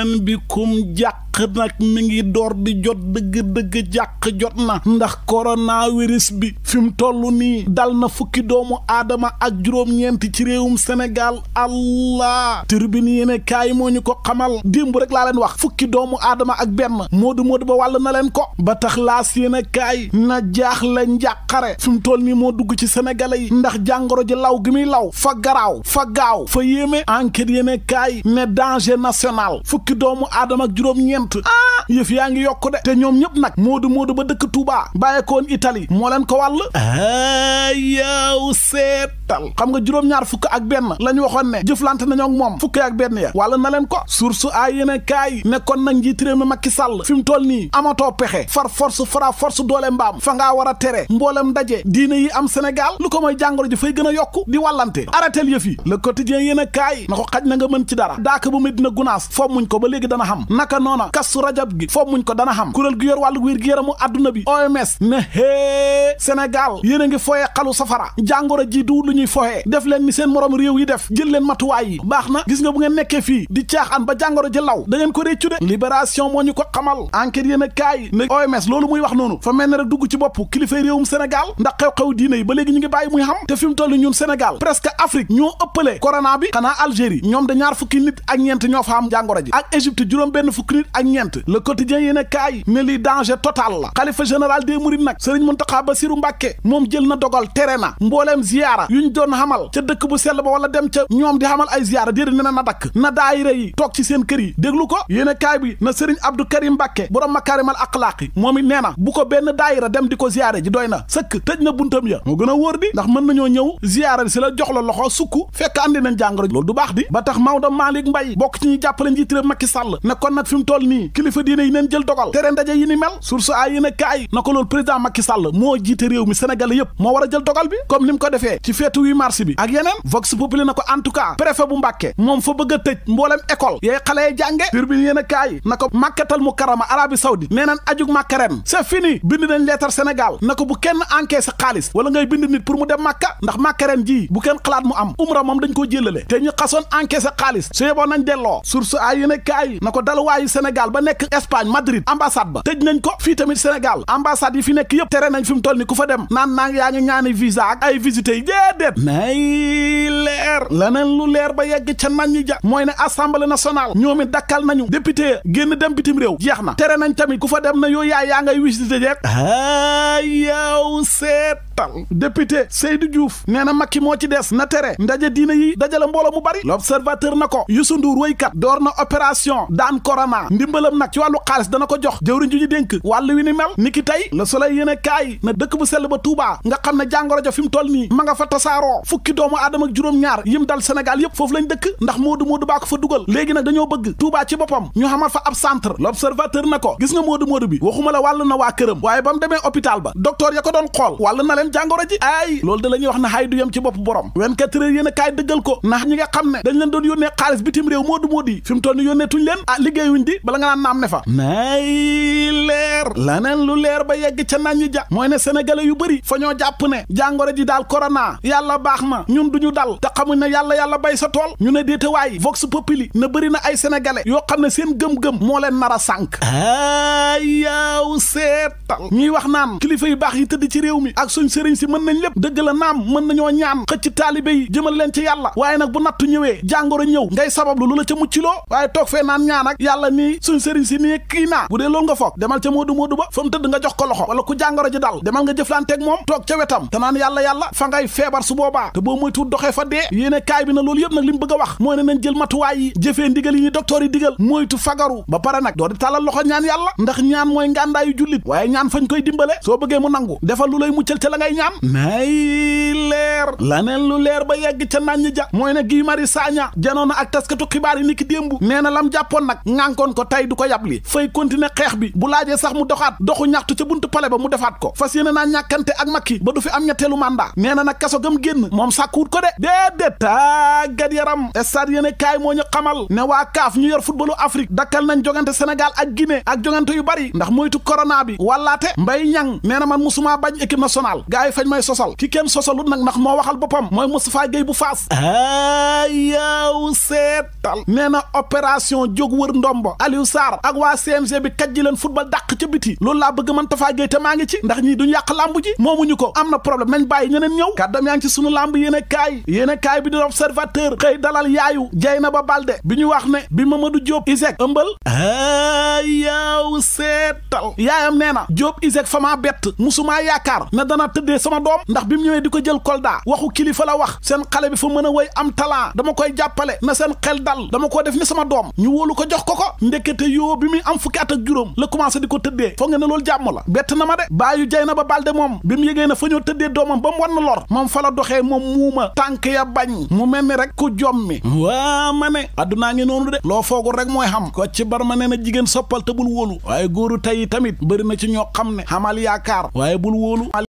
iman bikum jàq jàq nag mi ngi door di jot dëgg-dëgg jàq jot na ndax coronavirus bi fi mu toll nii dal na fukki doomu aadama ak juróom-ñeenti ci réewum Sénégal allah turbine yéene kaay moo ñu ko xamal démb rek laa leen wax fukki doomu aadama ak benn moo moodu moodu ba wàll na leen ko ba tax laas yéene kaay na jaax la njàqare fi mu toll nii moo dugg ci sénégalais yi ndax jàngoro ji law gi muy law fa garaaw fa gaaw fa yéeme enquête yéene kaay ne danger national fukki doomu aadama ak juróom ñeent ah yëf yaa ngi yokku de te ñoom ñëpp nag moodu moodu ba dëkk Touba bàyyeekoon Italie moo leen ko wàll ah yow seet tal xam nga juróom-ñaar fukk ak benn la ñu waxoon ne jëflante nañoo moom fukk ak benn ya wala na leen ko source a yéen a kaay nekkoon nag njiit réew mi Macky Sall fi mu toll nii amatoo pexe far force fara force doole mbaam fa ngaa war a tere mboolem ndaje diine yi am Sénégal lu ko mooy jàngoro ji fay gën a yokk di wàllante arrêtel yëf yi le quotidien yéen a kaay na ko xaj na nga mën ci dara daaka bu Medina Gunaas fommuñ ko ba léegi dana xam naka noona kasu rajab gi fommuñ ko dana xam kuréel gu yor wàllu wér gi yaramu àdduna bi OMS ne hee Sénégal yéen a ngi fooyee xalu safara jàngoro ji du lu ñuy foye def leen ni seen moroom réew yi def jël leen matuwaay yi baax na gis nga bu ngeen nekkee fii di caaxaan ba jàngoro ji law da ngeen ko réccu de libération moo ñu ko xamal enquête yéen a kaay OMS loolu muy wax noonu fa mel ne rek dugg ci bopp kilifay réewum Sénégal ndax xew-xew diine yi ba léegi ñu ngi bàyyi muy xam te fi mu toll ñun Sénégal presque Afrique ñoo ëppale corona bi xanaa Algérie ñoom da ñaar fukki nit ak ñeent ñoo fa am jàngoro ji ak Égypte juróom benn fukki nit ak ñeent le quotidien yéen a kaay ne li danger total la xalifa général des mourides nag Serigne Mountakha Bassirou Mbacké moom na dogal tere na mbooleem ziyaara ñu doon xamal ca dëkk bu sell ba wala dem ca ñoom di xamal ay ziyaara déedéet nee na na dakk na daayira yi toog ci seen kër yi déglu ko yéene bi na sëriñ Abdou Karim Mbàkke borom makaarimal axlaaqi moom it nee na bu ko benn daayira dem di ko ziyaare ji doy na sëkk tëj na buntam ya moo gën a wóor di ndax mën nañoo ñëw ziyaara si la jox la loxo sukk fekk andi nañ jàngoro loolu du baax di ba tax Maodo Malick Mbaye bokk ci ñuy jàppale njiit réew Macky Sall ne kon nag fi mu toll nii kilifa diine yi neen jël yëpp moo war a jël dogal bi comme ni mu ko maratu 8 mars bi ak yeneen vox populi na ko en tout bu Mbàkke moom fa bëgg a tëj mboolem école yooy xale yi jànge turbine yéen na ko màkkatal mu karama Arabie Saoudite ajug màkka ren c'est fini bind nañ leetar Sénégal na ko bu kenn encaissé xaalis wala ngay bind nit pour mu dem màkka ndax màkka ren jii bu kenn xalaat mu am umra moom dañ koo jëlale te ñu xasoon encaissé xaalis su yeboo nañ delloo source ay yéen na ko dalwaayu ba nekk Espagne déet nay leer laneen lu leer ba yegg ca nañ ñu ja mooy ne assemblée nasonal ñoom it dakkal nañu député génn dem bitim réew jeex na tere nañ tamit ku fa dem na yooyu yaay yaa ngay wis di jeeg a yow settantal député Seydou Diouf nee na Macky moo ci des na tere ndaje diina yi dajale mbooloo mu bari la l'observateur na ko Youssou Ndour woykat door na opération daan corona ndimbalam nak ci wàllu xaalis dana ko jox jëwriñ ju ñu dénk wàllu wi ni mel ni ki tey Le Soleil yéen a na dëkk bu sell ba Touba nga xam ne jàngoro ja fi mu toll nii ma nga fa tasaaroo fukki doomu aadama ak juróom-ñaar yim dal Sénégal yépp foofu lañ dëkk ndax Moodu Moodu baa ko fa dugal léegi nag dañoo bëgg Touba ci boppam ñu xamal fa ab centre na gis nga Moodu Moodu bi waxuma la wàll na waa këram waaye ba mu demee hôpital ba docteur ya ko jàngoro ji ay loolu de la ñuy wax na xay du yem ci bopp borom 24 heures yéen a kaay dëggal ko ndax ñi nga xam ne dañ leen doon yónnee xaalis bitim réew moodu moodu yi fi mu toll ni yónnee tuñ leen ah liggéeyuñ di bala nga naan naam ne fa nay leer laneen lu leer ba yegg ca naan ñi ja mooy ne sénégalais yu bëri fa ñoo jàpp ne jàngoro ji daal korona yàlla baax na ñun duñu dal te xamuñ na yàlla yàlla bay sa tool ñu ne déetawaay vox populi na bëri na ay sénégalais yoo xam ne seen gëm-gëm moo leen nar a sànk ayaw ñuy wax naan kilifa yu baax yi tëdd ci réew mi ak suñ sëriñ si mën nañ lépp dëgg la naam mën nañoo ñaan xëcc taalibe yi jëmal leen ci yàlla waaye nag bu nattu ñëwee jàngoro ñëw ngay sabablu lu la ca mucciloo waaye toog fee naan ñaan ak yàlla nii suñ si nii kii naa bu dee loolu nga foog demal ca moodu moodu ba fa tëdd nga jox ko loxo wala ku jàngoro ji dal demal nga jëflanteeg moom toog ca wetam te naan yàlla yàlla fa ngay feebar su te boo moytu doxee fa dee yéene kaay na loolu yëpp nag a wax ngay ñaam may laneen lu leer ba yegg ca naññ ja mooy ne Guy Marius Sagna janoona ak taskatu xibaar yi ni ki démb nee na lam jàppoon nag ŋànkoon ko tey du ko yabli fay continuer xeex bi bu laajee sax mu doxaat doxu ñaxtu ca buntu pale ba mu defaat ko fas yéene na ñàkkante ak Macky ba du fi am ñetteelu mandat nee na nag kaso gam génn moom sàkkuwut ko de déedéet tàggat yaram stade yéene kaay moo ñu xamal ne waa kaaf ñu yor footballu Afrique dakkal nañ jogante Sénégal ak Guinée ak jogante yu bari ndax moytu corona bi wallaate mbay ñang nee na man musuma bañ équipe nationale gars yi fañ may sosal ki kenn sosalut nag ndax moo wax waxal boppam mooy Moustapha Gueye bu Fass aya yow seetal nee na opération jóg wër ndombo Aliou Sarr ak waa CNG bi kaj ji leen football dàq ca biti loolu laa bëgg man Tafa Gueye te maa ngi ci ndax ñii duñu yàq làmb ji moomuñu ko am na problème nañ bàyyi ñeneen ñëw kàddam yaa ngi ci sunu làmb yéene kaay yéene kaay bi di observateur xëy dalal yaayu Dieynaba Baldé bi ñu wax ne bi Mamadou Diop Iseg ëmbal a yow seetal yaayam nee na Diop Iseg fama bett musumaa yaakaar ne dana tëddee sama doom ndax bi mu ñëwee di ko jël Kolda waxu kilifa la wax seen xale bi fa mën a woy am jàppale na seen xel dal dama koo def ni sama doom ñu wóolu ko jox ko ko ndekete yoo bi muy am fukki at ak juróom la commencé di ko tëddee foog nga ne loolu jàmm la bett na ma de baayu jay na ba balde moom bi mu yégee na fa ñoo tëdde doomam ba mu wan lor moom fa la doxee moom muuma tànk ya bañ mu mel ni rek ku jommi waa ma ne addunaa ngi noonu de loo foogul rek mooy xam ko ci bar ma ne na jigéen soppal te bul wóolu waaye góoru tey tamit bëri na ci ñoo xam ne xamal yaakaar